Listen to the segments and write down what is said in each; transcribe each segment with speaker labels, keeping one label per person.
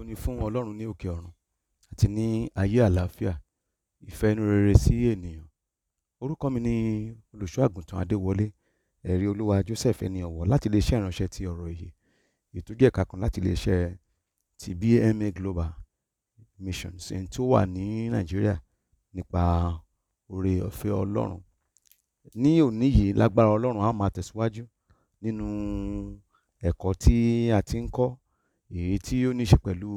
Speaker 1: ògo ni fún Ọlọ́run ní òkè ọ̀run àti ní ayé àlàáfíà ìfẹ́ inú rere sí ènìyàn orúkọ mi ni olùṣọ́ àgùntàn Adéwọlé ẹ̀rí olúwa Joseph ẹni ọ̀wọ̀ láti iléeṣẹ́ ìránṣẹ́ ti ọ̀rọ̀ èyí ètò jẹ́ ẹ̀ka kan láti iléeṣẹ́ ti BMA Global Missions ẹni tó wà ní Nàìjíríà nípa oore ọ̀fẹ́ Ọlọ́run ní òní yìí lágbára Ọlọ́run a máa tẹ̀síwájú nínú ẹ̀kọ́ tí a ti ń kọ́ èyí tí ó ní ṣe pẹ̀lú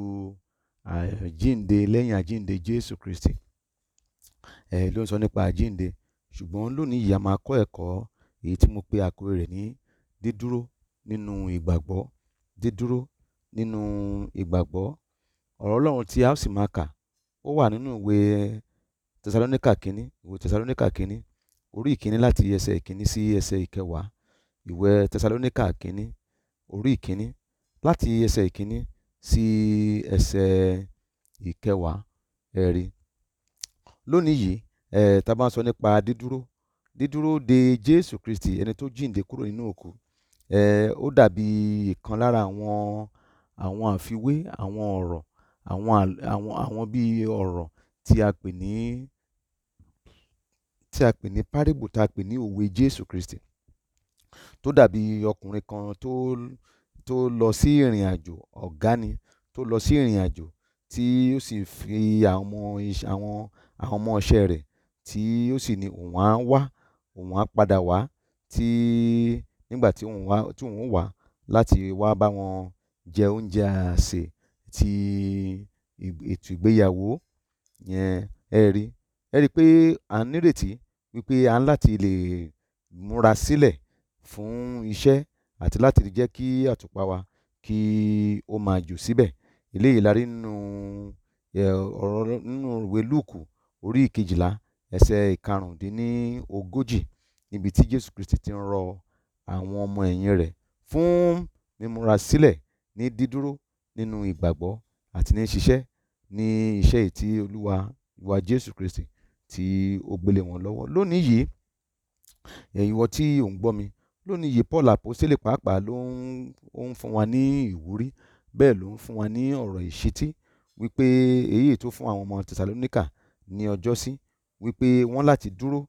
Speaker 1: àjínde lẹ́yìn àjínde Jésù Kristi ẹ ló ń sọ nípa àjínde ṣùgbọ́n lónìí yìí a máa kọ́ ẹ̀kọ́ èyí tí mo pe àkórí rẹ̀ ní dídúró nínú ìgbàgbọ́ dídúró nínú ìgbàgbọ́ ọ̀rọ̀ Ọlọ́run tí a sì máa kà ó wà nínú ìwé Tẹsalóníkà kínní ìwé Tẹsalóníkà kínní orí ìkínní láti ẹsẹ̀ ìkínní sí ẹsẹ̀ ìkẹwàá ìwé Tẹsalóníkà kínní orí ìkínní láti ẹsẹ̀ ìkíní sí ẹsẹ̀ ìkẹwàá ẹ̀rí. lónìí yìí eh, tá a ń sọ nípa dídúró dídúró de jésù kristi ẹni tó jíǹde kúrò nínú òkú eh, ó dàbí ìkan lára àwọn àwọn àfiwé àwọn ọ̀rọ̀ àwọn àwọn àwọn bíi ọ̀rọ̀ tí a pè ní tí a pè ní párìbù tá a pè ní òwe jésù kristi tó dàbí ọkùnrin kan tó tó lọ sí ìrìn àjò ọ̀gáni tó lọ sí ìrìn àjò tí ó sì fi àwọn àwọn àwọn ọmọọṣẹ́ rẹ̀ tí ó sì ní òun á wá òun á padà wá tí nígbà tí òun wá láti wá bá wọn jẹ oúnjẹ àsè ti ètò ìgbéyàwó yẹn ẹ rí ẹ rí pé à ń nírètí wípé à ń láti lè múra sílẹ̀ fún iṣẹ́ àti láti jẹ́ kí àtùpà wa kí ó máa jò síbẹ̀ eléyìí la rí nínú ọ̀rọ̀ nínú ìwé lúùkù orí ìkejìlá ẹsẹ̀ ìkarùndínlógójì níbi tí jésù kristi ti ń rọ àwọn ọmọ ẹ̀yìn rẹ̀ fún mímúra sílẹ̀ ní dídúró nínú ìgbàgbọ́ àti ní ṣiṣẹ́ ní iṣẹ́ tí olúwa ìwà jésù kristi tí ó gbélé wọn lọ́wọ́ lónìí yìí ẹ̀yin wọ tí ò ń gbọ́ mi lónìí yìí paul àpọ́sítélì pàápàá ló ń fún wa ní ìwúrí bẹ́ẹ̀ ló ń fún wa ní ọ̀rọ̀ ìṣítí wípé èyí tó fún àwọn ọmọ tẹsalóníkà ní ọjọ́sí wípé wọ́n láti dúró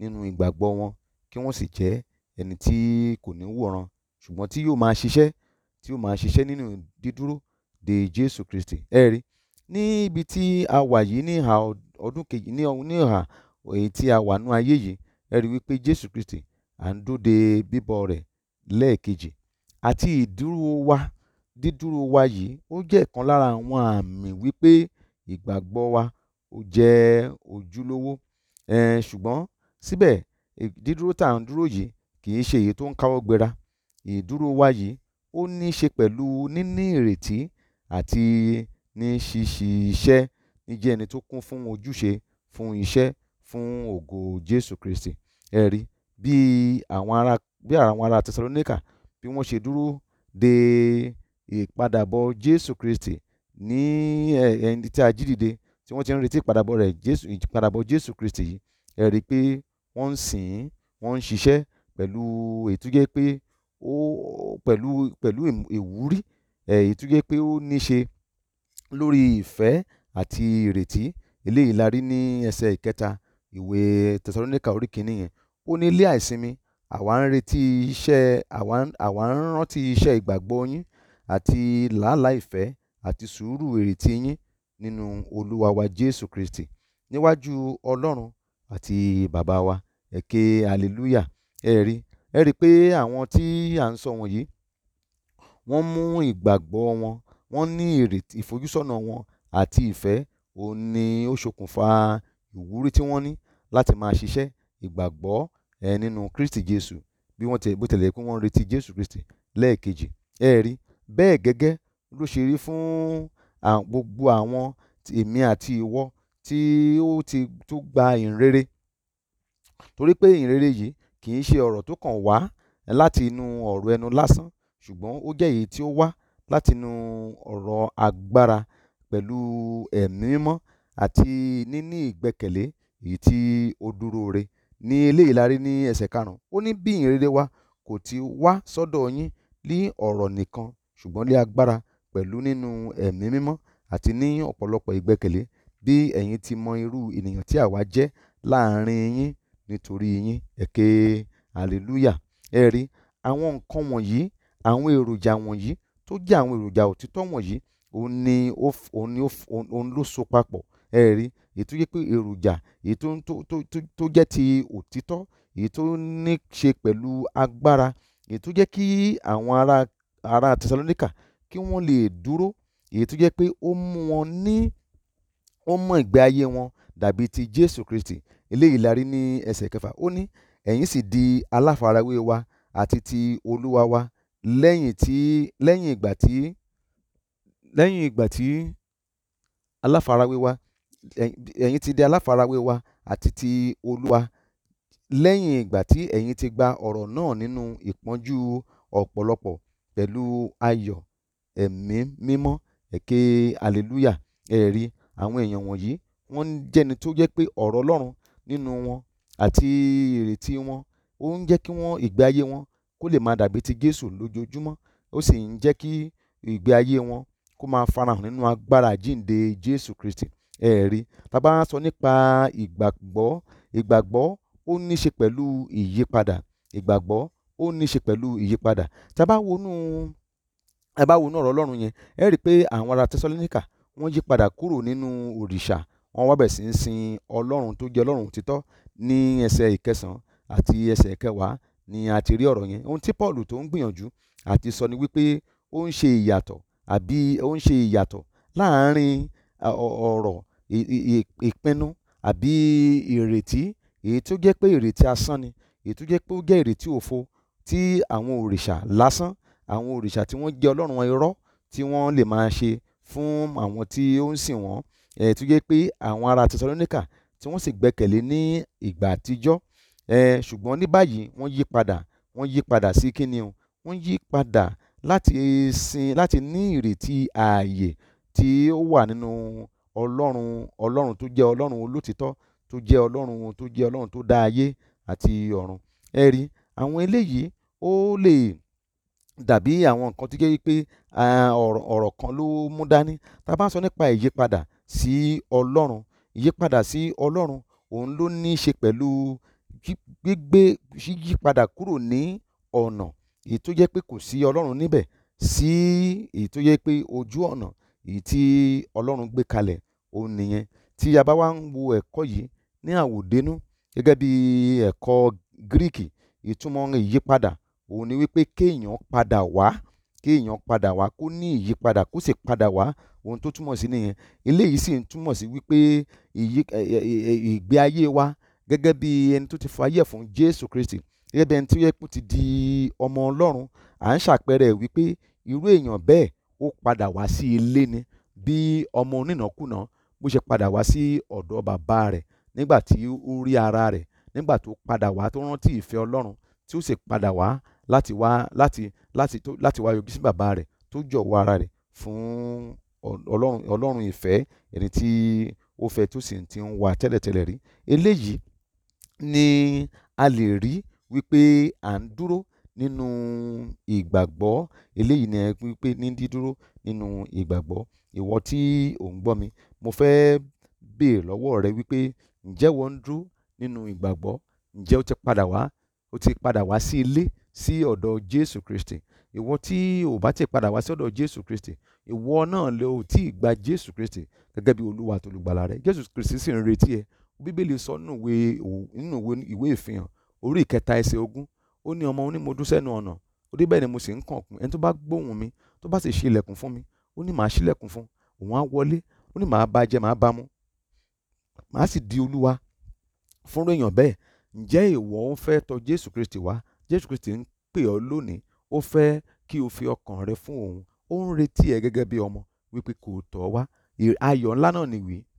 Speaker 1: nínú ìgbàgbọ́ wọn kí wọ́n sì jẹ́ ẹni tí kò ní wòran ṣùgbọ́n tí yóò máa ṣiṣẹ́ tí yóò máa ṣiṣẹ́ nínú dídúró de Jésù Kristi ẹ rí ní ibi tí a wà yìí ní ìhà ọdún kejì ní ìhà èyí tí a wà nú ayé yìí ẹ rí wípé Jésù Kristi à ń dúde bíbọ̀ rẹ̀ lẹ́ẹ̀kejì àti ìdúró wa dídúró wa yìí ó jẹ́ ìkan lára àwọn àmì wípé ìgbàgbọ́ wa ó jẹ́ ojúlówó um ṣùgbọ́n síbẹ̀ dídúró tá à ń dúró yìí kì í ṣe èyí tó ń káwọ́ gbéra ìdúró wa yìí ó ní í ṣe pẹ̀lú níní ìrètí àti ní ṣíṣí iṣẹ́ ní jẹ́ ẹni tó kún fún ojúṣe fún iṣẹ́ fún ògo Jésù Kristi ẹ rí bí àwọn ará bí àwọn ará tẹsalóníkà bí wọ́n ṣe dúró de ìpadàbọ̀ jésù kristi ní ẹni tí a jí dìde tí wọ́n ti ń retí ìpadàbọ̀ rẹ̀ jésù ìpadàbọ̀ jésù kristi yìí ẹ rí i pé wọ́n ń sìn ín wọ́n ń ṣiṣẹ́ pẹ̀lú ètújẹ́ pé ó pẹ̀lú pẹ̀lú ìwúrí ètújẹ́ pé ó ní ṣe lórí ìfẹ́ àti ìrètí eléyìí la rí ní ẹsẹ̀ ìkẹta ìwé tẹsalóníkà orí kìíní yẹn ó ní ilé àìsinmi àwa ń retí iṣẹ́ àwa ń rántí iṣẹ́ ìgbàgbọ́ yín àti làálàá ìfẹ́ àti sùúrù ìrètí yín nínú olúwa wa jésù kristi níwájú ọlọ́run àti bàbá wa ẹ̀kẹ́ hallelúyà ẹ rí ẹ rí i pé àwọn tí à ń sọ wọ̀nyí wọ́n mú ìgbàgbọ́ wọn wọ́n ní ìrètí ìfojúsọ́nà wọn àti ìfẹ́ òun ni ó ṣokùnfà ìwúrí tí wọ́n ní láti máa ṣiṣẹ́ ìgbàgbọ́ ẹ nínú kristi jésù bí wọ́n bó tilẹ̀ pé wọ́n retí jésù kristi lẹ́ẹ̀kejì ẹ rí bẹ́ẹ̀ gẹ́gẹ́ ló ṣe rí fún gbogbo àwọn èmi àti ìwọ tí ó ti tó gba ìrere torí pé ìrere yìí kì í ṣe ọ̀rọ̀ tó kàn wá láti inú ọ̀rọ̀ ẹnu lásán ṣùgbọ́n ó jẹ́ èyí tí ó wá láti inú ọ̀rọ̀ agbára pẹ̀lú ẹ̀mí mímọ́ àti níní ìgbẹ́kẹ̀lé èyí tí ó dúró re ní eléyìí la rí ní ẹsẹ̀ karùn-ún ó ní bí ìhìnrere wa kò ti wá sọ́dọ̀ yín ní ọ̀rọ̀ nìkan ṣùgbọ́n lé agbára pẹ̀lú nínú ẹ̀mí mímọ́ àti ní ọ̀pọ̀lọpọ̀ ìgbẹ́kẹ̀lé bí ẹ̀yin ti mọ irú ènìyàn tí àwa jẹ́ láàrin yín nítorí yín èké hallelúyà ẹ rí àwọn nǹkan wọ̀nyí àwọn èròjà wọ̀nyí tó jẹ́ àwọn èròjà òtítọ́ wọ̀nyí òun ni ó so papọ̀ ẹ rí èyí tó yẹ pé èròjà èyí tó tó tó tó jẹ́ ti òtítọ́ èyí tó ní ṣe pẹ̀lú agbára èyí tó jẹ́ kí àwọn ará ará Tẹsalóníkà kí wọ́n lè dúró èyí tó jẹ́ pé ó mú wọn ní ó mọ ìgbé ayé wọn dàbí ti Jésù Kristi eléyìí la rí ní ẹsẹ̀ kẹfà ó ní ẹ̀yin sì di aláfarawé wa àti ti Olúwa wa lẹ́yìn tí lẹ́yìn ìgbà tí lẹ́yìn ìgbà tí aláfarawé wa ẹ̀yin ti di aláfarawé wa àti ti Olúwa lẹ́yìn ìgbà tí ẹ̀yin ti gba ọ̀rọ̀ náà nínú ìpọ́njú ọ̀pọ̀lọpọ̀ pẹ̀lú ayọ̀ ẹ̀mí mímọ́ èké hallelúyà ẹ̀rí àwọn èèyàn wọ̀nyí wọ́n jẹ́ni tó jẹ́ pé ọ̀rọ̀ Ọlọ́run nínú wọn àti ìrètí wọn ó ń jẹ́ kí wọ́n ìgbé ayé wọn kó lè máa dàbí ti Jésù lójoojúmọ́ ó sì ń jẹ́ kí ìgbé ayé wọn kó máa farahàn nínú agbára àjíǹde Jésù Kristi ẹ̀rí tá a bá sọ nípa ìgbàgbọ́ ìgbàgbọ́ ó ní í ṣe pẹ̀lú ìyípadà ìgbàgbọ́ ó ní í ṣe pẹ̀lú ìyípadà tá a bá wọnú tá a bá wọnú ọ̀rọ̀ ọlọ́run yẹn ẹ rí i pé àwọn ará tẹsọlẹ́nìkà wọ́n yí padà kúrò nínú òrìṣà wọ́n wá bẹ̀ sí ń sin ọlọ́run tó jẹ́ ọlọ́run títọ́ ní ẹsẹ̀ ìkẹsàn-án àti ẹsẹ̀ ìkẹwàá ni a ti rí ọ̀rọ̀ yẹn ohun tí Paul tó ń gbìyànjú àti sọ ni wípé ó ń ṣe ìyàtọ̀ àbí ó ń ṣe ìyàtọ̀ láàárín ọ̀rọ̀ ìpinnu àbí ìrètí èyí tó jẹ́ pé ìrètí asán ni èyí tó jẹ́ pé ó jẹ́ ìrètí òfo tí àwọn òrìṣà lásán àwọn òrìṣà tí wọ́n jẹ́ ọlọ́run irọ́ tí wọ́n lè máa ṣe fún àwọn tí ó ń sìn wọ́n ẹ̀ tó jẹ́ pé àwọn ará Tẹsalóníkà tí wọ́n sì gbẹ́kẹ̀lé ní ìgbà àtijọ́ ẹ̀ ṣùgbọ́n ní báyìí wọ́n yí padà wọ́n yí padà sí kíni o wọ́n yí padà láti sin láti ní ìrètí ààyè tí ó wà nínú Ọlọ́run Ọlọ́run tó jẹ́ Ọlọ́run olótìtọ́ tó jẹ́ Ọlọ́run tó jẹ́ Ọlọ́run tó dá ayé àti ọ̀run. Ẹ rí àwọn eléyìí ó lè dàbí àwọn nǹkan tó jẹ́ wípé ọ̀rọ̀ kan ló mú dání. Tá a bá ń sọ nípa ìyípadà sí Ọlọ́run, ìyípadà sí Ọlọ́run òun ló ní í ṣe pẹ̀lú gbígbé yíyípadà kúrò ní ọ̀nà èyí tó jẹ́ pé kò sí Ọlọ́run níbẹ̀ sí èyí tó jẹ́ pé ojú ọ̀nà èyí tí Ọlọ́run gbé kalẹ̀ òun nìyẹn tí a bá ń wo ẹ̀kọ́ yìí ní àwòdénú gẹ́gẹ́ bí ẹ̀kọ́ gíríkì ìtumọ̀ ìyípadà òun ni wípé kéèyàn padà wá kéèyàn padà wá kó ní ìyípadà kó sì padà wá ohun tó túmọ̀ sí nìyẹn eléyìí sì ń túmọ̀ sí wípé ìgbé ayé wa gẹ́gẹ́ bí ẹni tó ti fayé fún Jésù Kristi gẹ́gẹ́ bí ẹni tó yẹ kó ti di ọmọ Ọlọ́run à ń ṣàpẹẹrẹ wípé irú èèyàn bẹ́ẹ̀ ó padà wá sí ilé ni bí ọmọ onínàkúnà bó ṣe padà wá sí ọ̀dọ̀ bàbá rẹ̀ nígbà tí ó rí ara rẹ̀ nígbà tó padà wá tó rántí ìfẹ́ ọlọ́run tí ó sì padà wá láti wá láti láti tó láti wá yọjú sí bàbá rẹ̀ tó jọ̀wọ́ ara rẹ̀ fún ọlọ́run ọlọ́run ìfẹ́ ẹni tí ó fẹ́ tó sì ti ń wà tẹ́lẹ̀tẹ́lẹ̀ rí eléyìí ni a lè rí wípé à ń dúró nínú ìgbàgbọ́ eléyìí ni pé ní dídúró nínú ìgbàgbọ́ ìwọ tí ò ń gbọ́ mi mo fẹ́ béèrè lọ́wọ́ rẹ wípé ǹjẹ́ ìwọ ń dúró nínú ìgbàgbọ́ ǹjẹ́ ó ti padà wá ó ti padà wá sí ilé sí ọ̀dọ̀ Jésù Kristi ìwọ tí ò bá ti padà wá sí ọ̀dọ̀ Jésù Kristi ìwọ náà lè ò tí ì gba Jésù Kristi gẹ́gẹ́ bí olúwa àti olùgbàlà rẹ Jésù Kristi sì ń retí ẹ bíbélì sọ nínú ìwé ìfihàn orí ìkẹta ẹsẹ̀ ogún ó ní ọmọ oní mo dún sẹ́nu ọ̀nà ó dé bẹ́ẹ̀ ni mo sì ń kànkùn ẹni tó bá gbóhùn mi tó bá sì ṣe ilẹ̀kùn fún mi ó ní màá ṣílẹ̀kùn fún òun á wọlé ó ní màá bá jẹ màá bá mu màá sì di olúwa fúnrú èèyàn bẹ́ẹ̀ ǹjẹ́ ìwọ ń fẹ́ tọ̀ Jésù Kristi wá Jésù Kristi ń pè ọ́ lónìí ó fẹ́ kí o fi ọkàn rẹ fún òun ó ń retí ẹ gẹ́gẹ́ bí ọmọ wípé kò tọ̀ wá ayọ̀ ńlá náà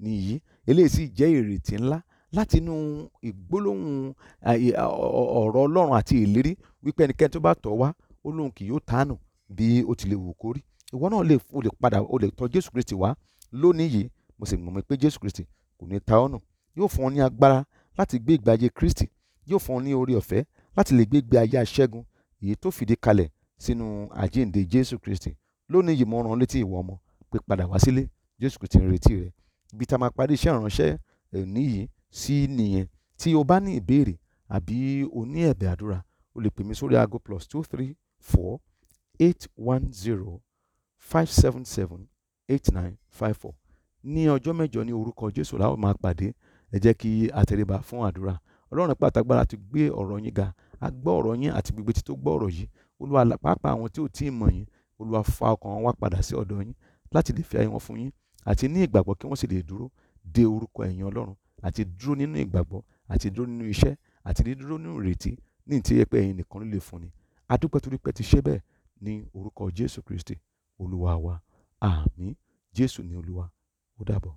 Speaker 1: nìyí eléyìí sì jẹ́ ìrètí ńlá láti inú ìgbólóhùn ọ̀rọ̀ ọlọ́run àti ìlérí wípé ẹnikẹ́ni tó bá tọ̀ wá ó lóun kì yóò tánù bí ó ti lè wù kó rí ìwọ náà lè o lè padà o lè tọ̀ jésù kristi wá lónìí yìí mo sì mọ̀ pé jésù kristi kò ní ta ọ́ nù yóò fún ọ ní agbára láti gbé ìgbé ayé kristi yóò fún ọ ní oore ọ̀fẹ́ láti lè gbé ìgbé ayé aṣẹ́gun èyí tó fìdí kalẹ̀ sínú àjíǹde jésù kristi lónìí yìí mo rán létí ìwọ ọmọ pé padà wá sílé jésù kristi ń retí rẹ ibi tá a máa parí iṣẹ́ ìránṣẹ́ òní yìí sí nìyẹn tí o bá ní ìbéèrè àbí o ní ẹ̀bẹ̀ àdúrà o lè pè mí sórí aago plus two three four eight one zero five seven seven eight nine five four ní ọjọ́ mẹ́jọ ní orúkọ Jésù láwọn máa pàdé ẹ jẹ́ kí a tẹríba fún àdúrà Ọlọ́run pàtàgbára ti gbé ọ̀rọ̀ yín ga a gbọ́ ọ̀rọ̀ yín àti gbogbo tí tó gbọ́ ọ̀rọ̀ yìí Olúwa pàápàá àwọn tí ò tí ì mọ̀ yín Olúwa fa ọkàn wọn wá padà sí ọ̀dọ̀ yín láti lè fi ayé wọn fún yín àti ní ìgbàgbọ́ kí wọ́n sì lè dúró de orúkọ ẹ̀yìn Ọlọ́run àti dúró nínú ìgbàgbọ́ àti dúró nínú iṣẹ́ àti dídúró nínú ìrètí ní ti yẹ pé ẹ̀yin nìkan ló lè fún ni adúpẹ́ torí pé ti ṣe bẹ́ẹ̀ ní orúkọ Jésù Kristi olúwa wa àmín Jésù ni olúwa ó dàbọ̀.